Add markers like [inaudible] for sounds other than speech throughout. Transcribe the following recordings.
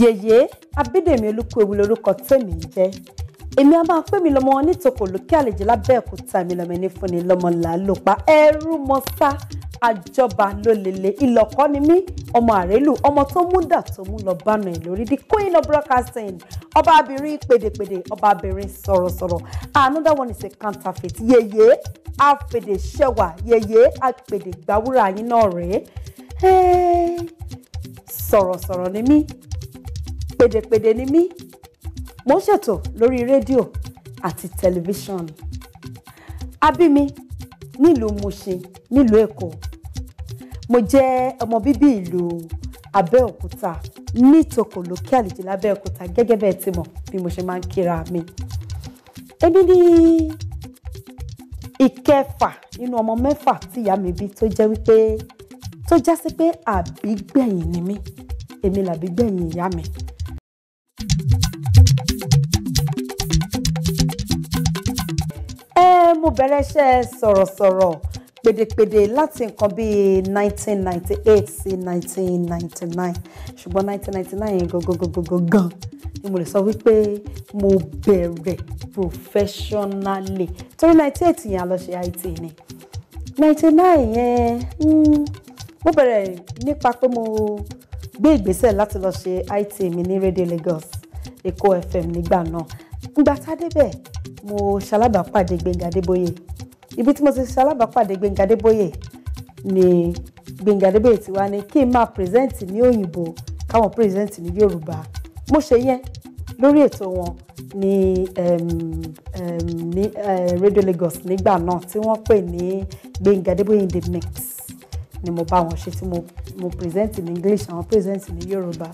yèyé abídèmí olúkúewu lorúkọ tèmi jẹ́ èmi a máa pè mí lọ́mọ nítòkò lókè àlejò lábẹ́ẹ̀kúta mi lọ́mọ ẹni fún ni lọ́mọ làálùpá ẹrú mọ́sá àjọba lólele ìlọ̀kọ́ ni mí ọmọ àrélù ọmọ tó mú dà tó mú lọ bánu ẹ̀ lórí the queen of broadcasting ọba abirin pèdèpèdè ọba sọ̀rọ̀sọ̀rọ̀ another one is a counterfeit yèyé àfèdè ṣẹwà yèyé àpèdè gbàwúrà yín náà rèé sọ̀rọ̀sọ̀rọ̀ ni mí pèdèpèdè ni mí mo ń ṣètò lórí rédíò àti tẹlifíṣàn a bí mi nílùú Mùṣin nílùú Èkó mo jẹ́ ọmọ bíbí ìlú Abẹ́òkúta nítòkò lókè àlejò lábẹ́òkúta gẹ́gẹ́ bẹ́ẹ̀ ti mọ̀ bí mo ṣe máa ń kíra mi èmi ní ìkẹfà nínú ọmọ mẹ́fà tí ìyá mi bí tó jẹ́ wípé tó já pé àbígbẹ̀yìn ni mí èmi làbígbẹ̀yìn ìyá mi. mo bẹ̀rẹ̀ iṣẹ́ sọ̀rọ̀sọ̀rọ̀ pèdèpèdè láti nǹkan bíi 1998 sí 1999 ṣùgbọ́n 1999 yẹn gangan ni mo lè sọ wípé mo bẹ̀rẹ̀ professionally torí 98 yẹn a lọ ṣe IT ni 99 yẹn hmm, mo bẹ̀rẹ̀ nípa pé mo gbé ìgbésẹ̀ láti lọ ṣe IT mi ní Radio Lagos Èkó FM nígbà náà ngbà débẹ̀ mo ṣalábàápàdé Gbénga Adébóyè ibi tí mo ti ṣalábàápàdé Gbénga Adébóyè ni Gbénga Adébóyè ti wá ní kí n máa present ní òyìnbó káwọn present ní Yorùbá mo ṣe yẹn lórí ètò wọn ní ní Radio Lagos nígbà náà tí wọ́n pè ní Gbénga Adébóyè in the mix ni mo bá wọn ṣe tí mo mo present in English àwọn present ní Yorùbá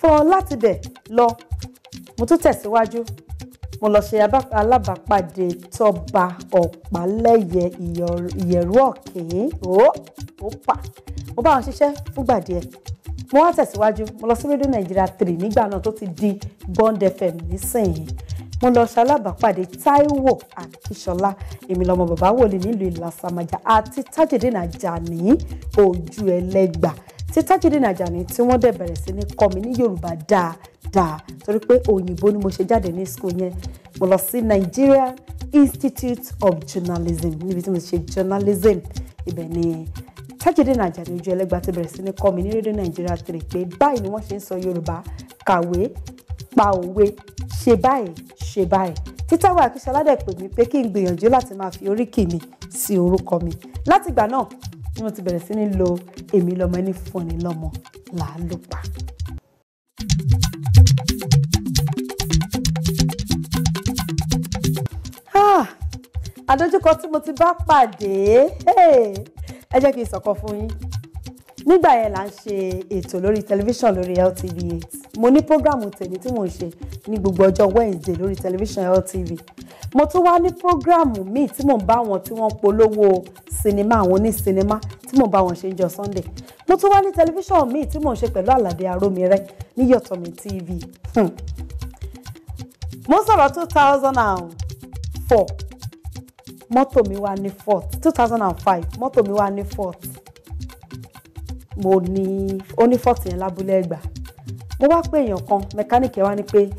fọ láti bẹ̀ lọ mo tún tẹ̀síwájú mo lọ ṣe alábàápàdé tọba ọ̀pálẹ́yẹ ìyẹ̀rú ọ̀kẹ́ ó pa mo bá wọn ṣiṣẹ́ fúngbà díẹ̀ mo wá tẹ̀síwájú mo lọ sí rédíò nàìjíríà three nígbà náà tó ti di bond fm nísìnyí mo lọ ṣalábàápàdé Táíwò Akíṣọlá èmi lọmọ bàbá wòlíì nílùú Ìlasàmájà àti Tajudeen Àjàní ojú ẹlẹ́gbà tí Tajudeen ní Àjàní tí wọ́n dẹ̀ bẹ̀rẹ̀ sí ní kọ́ mi ní Yorùbá dáadáa torí pé òyìnbó ni mo ṣe jáde ní school yẹn mo lọ sí Nigeria Institute of Journalism níbi tí mo ṣe journalism ibẹ̀ ni Tajudeen ní Àjàní ojú ẹlẹ́gba ti bẹ̀rẹ̀ sí ní kọ́ mi ní rédíò Nigeria three pé báyìí ni wọ́n ṣe ń sọ Yorùbá kàwé pa òwe ṣe báyìí ṣe báyìí títàwé àkíṣe aládẹ̀ pè mí pé kí n gbìyànjú láti máa fi oríkì mi sí orúkọ mi látìgbà náà tí mo ti bẹ̀rẹ̀ sí ní lo èmi lọ́mọ ẹni fúnni lọ́mọ là á lò pa. Ah! àdójúkọ tí mo ti bá pàdé ẹ jẹ́ kí n sọ̀kan fún yín nígbà yẹn là ń ṣe ètò lórí tẹlifíṣàn lórí LTV8 mo ní programu tèmi tí mò ń ṣe ní gbogbo ọjọ́ Wednesday lórí tẹlifíṣàn LTV mo tún wá ní prógráàmù míì tí mò ń bá wọn tí wọ́n polówó sinimá àwọn oní tí mò ń bá wọn ṣe ń jọ Sunday mo tún wá ní tẹlifíṣàn míì tí mò ń ṣe pẹ̀lú Àlàdé Arómiré ní Yọ̀tọ̀mí TV hmm. mo sọ̀rọ̀ two thousand and four mọ́tò mi wá ní fort two thousand and five mọ́tò mi wá ní fort mo ní ó ní fort yẹn lábúlé ẹgbà mo wá pé èèyàn kan mẹkáníìkì ẹ wá ní pé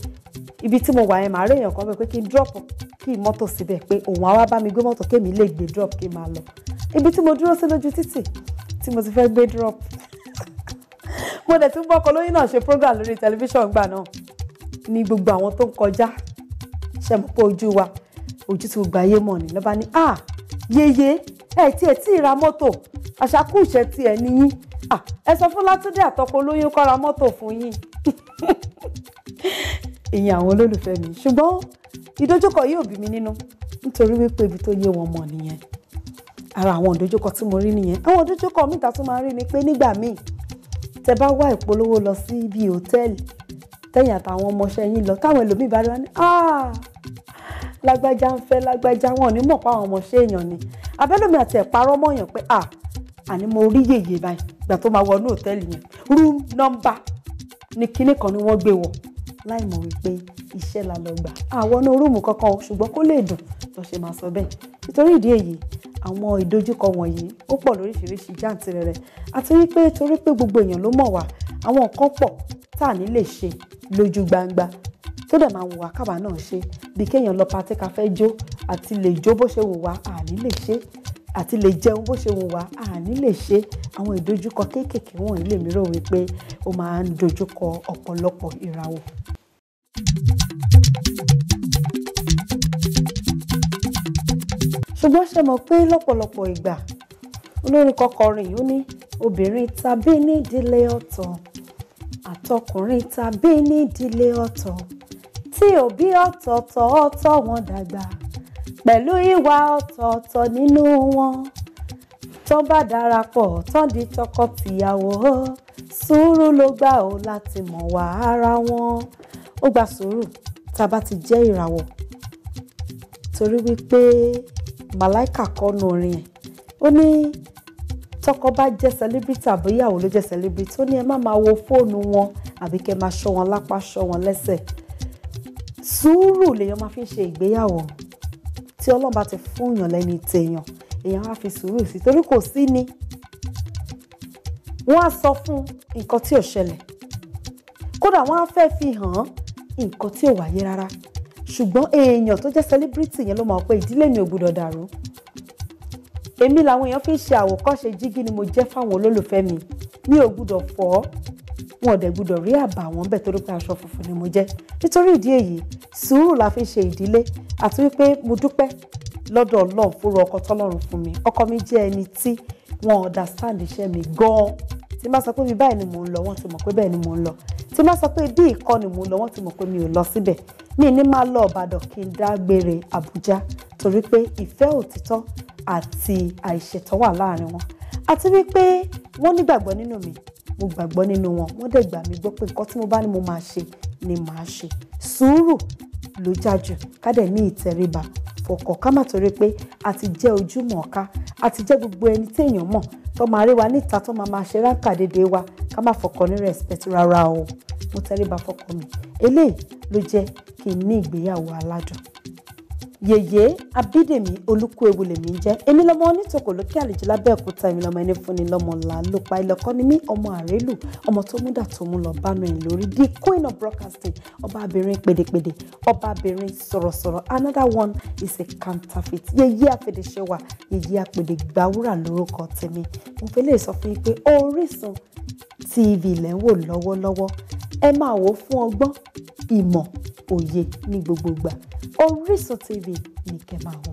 ibi tí mo wà yẹn màá rí èèyàn kan bẹ́ẹ̀ pé kí n drop kí mọ́tò síbẹ̀ pé òun àwa bá mi gbé mọ́tò kémi lè gbé drop kí n máa lọ ibi tí mo dúró sí lójú títì tí mo ti fẹ́ gbé drop [laughs] mo dẹ̀ tún gbọ́kọ lóyún náà ṣe program lórí tẹlifíṣàn gbà náà ní gbogbo àwọn tó ń kọjá ṣe mọ̀ pé ojú wa ojú tí gbogbo ayé mọ̀ ní lọ́ba ní à yeye ẹ tí ẹ tí ì ra mọ́tò àṣàkù tí ẹ níyín ẹ sọ fún Látúndé àtọkọ olóyún kó ra mọ́tò fún yín [laughs] ìyẹn àwọn olólùfẹ́ mi ṣùgbọ́n ìdojúkọ yóò bí mi nínú nítorí wípé ibi tó yé wọn mọ̀ nìyẹn ara àwọn ìdojúkọ tí mo rí nìyẹn àwọn ìdojúkọ mi tàtún máa rí ni pé nígbà míì tẹ bá wá ìpolówó lọ sí ibi hòtẹ́ẹ̀lì tẹ̀yìn àtàwọn ọmọọṣẹ́ yín lọ táwọn ẹlòmíì bá rí wọn ní ah, lágbájá ń fẹ́ lágbájá wọn ò ní mọ̀ pa ọmọọṣẹ́ èèyàn ni abẹ́lómi àti ẹ̀parọ́ mọ̀yàn pé à àní mo rí yèyè báyìí ìgbà tó máa wọnú hòtẹ́ẹ̀lì yẹn room number ni kinní kan ni wọ́n gbé wọ̀ láì mọ̀ wípé iṣẹ́ la lọ gbà àwọn ọ̀nà rúùmù kankan ṣùgbọ́n kó lè dùn tó ṣe máa sọ bẹ́ẹ̀ nítorí ìdí èyí àwọn ìdojúkọ wọ̀nyí ó pọ̀ lóríṣiríṣi jàǹtìrẹrẹ àti wípé torí pé gbogbo èèyàn ló mọ̀ wá àwọn nǹkan pọ̀ tá à ní lè ṣe lójú gbangba tó dẹ̀ máa wù wá káwa náà ṣe bí kéèyàn lọ patí ká fẹ́ jó àti lè jó bó ṣe wù wá à ní lè ṣe àti lè jẹun bó ṣe wù wá à ní lè ṣe àwọn ìdojúkọ kéékèèké wọ̀nyí lèmi rò wípé ó máa ń dojúkọ ọ̀pọ̀lọpọ̀ ìràwọ̀ ṣùgbọ́n ṣe mọ̀ pé lọ́pọ̀lọpọ̀ ìgbà olórin kọkọrin ó ní obìnrin tàbí nídìílé ọ̀tọ̀ àtọkùnrin tàbí nídìílé ọ̀tọ̀ tí òbí ọ̀tọ̀ọ̀tọ̀ ọ̀tọ̀ wọn dàgbà pẹ̀lú ìwà ọ̀tọ̀ọ̀tọ̀ nínú wọn tó bá darapọ̀ tó di tọkọ-tìyàwó sùúrù ló gbà ó láti mọ̀ wá ara wọn ó gba sùúrù tá a bá ti jẹ́ ìràwọ̀ torí wípé màláìkà kọ́nu orin ẹ̀ ó ní tọkọ bá jẹ́ celebrity àbíyàwó ló jẹ́ celebrity ó ní ẹ má máa wo fóònù wọn àbí kẹ́ máa ṣọ́ wọn lápá ṣọ́ wọn lẹ́sẹ̀ sùúrù lèèyàn máa fi ń ṣe ìgbéyàwó tí ọlọ́run bá ti fún yàn lẹ́ni tèèyàn èèyàn á fi sùúrù sí torí kò sí ni wọ́n á sọ fún nǹkan tí ò ṣẹlẹ̀ kódà wọ́n á fẹ́ fi hàn án nǹkan tí ò wáyé rárá ṣùgbọ́n èèyàn tó jẹ́ celebrity yẹn ló mọ̀ pé ìdílé mi ò gbúdọ̀ dàrú èmi làwọn èèyàn fi ń ṣe àwòkọ́ṣe jígí ni mo jẹ́ fáwọn olólùfẹ́ mi mi ò gbúdọ̀ fọ́ wọn ò dẹ̀ gbúdọ̀ rí àbàwọ́n bẹ́ẹ̀ torí pé aṣọ funfun ni mo jẹ́ nítorí ìdí èyí sùúrù la fi ń ṣe ìdílé àti wípé mo dúpẹ́ lọ́dọ̀ ọlọ́run fúru ọkọ tọ́lọ́run fún mi ọkọ mi jẹ́ ẹni tí wọ́n understand iṣẹ́ mi gan-an tí n bá sọ pé mi báyìí ni mò ń lọ wọ́n ti mọ̀ pé bẹ́ẹ̀ ni mò ń lọ tí má sọ pé bí ìkọ́ni mò ń lọ wọ́n ti mọ̀ pé mi ò lọ síbẹ̀ mi ní máa lọ Ìbàdàn kí n dágbére Àbújá torí pé ìfẹ́ òtítọ́ àti àìṣètọ́ wà láàrin wọn àti wípé wọ́n nígbàgbọ́ nínú mi mo gbàgbọ́ nínú wọn wọ́n dẹ̀ gbà mí gbọ́ pé nǹkan tí mo bá ní mo máa ṣe ni màá ṣe sùúrù ló jájú ká dẹ̀ ní ìtẹríba fọkàn ká má torí pé a ti jẹ́ ojúmọ̀ọ́ká àti jẹ́ gbogbo ẹni téèyàn mọ̀ tó máa rí wa níta tó máa máa ṣe ráńkà déédéé wa ká má fọkàn ní respect rárá o mo tẹríba fọkàn mi eléyìí ló jẹ́ kí n ní ìgbéyàwó aládùn yèyé abídèmí olúkúewu lèmi ń jẹ́ èmi lọmọ onítòkò lókè àlejò lábẹ́òkúta èmi lọmọ ẹni fúnni lọmọ ńlá ló pa ilẹ̀kọ́ ni mí ọmọ àrélù ọmọ tó múdà tó mú lọ bánu ẹ̀ lórí the queen of broadcasting ọbaabìnrin pèdèpèdè ọbaabìnrin sọ̀rọ̀sọ̀rọ̀ another one is a counterfeit yèyé àfẹ̀dẹ̀ṣẹwà yèyé àpèdè gbàwúrà lórúkọ tèmi mo fẹ́ lè sọ fún yín pé Orísun TV lẹ́ ń wò lọ́wọ́lọ́wọ́ ẹ máa wò ó fún ọgbọ́n ìmọ̀ òye ní gbogbo Orísun TV ní kẹ́ máa wò.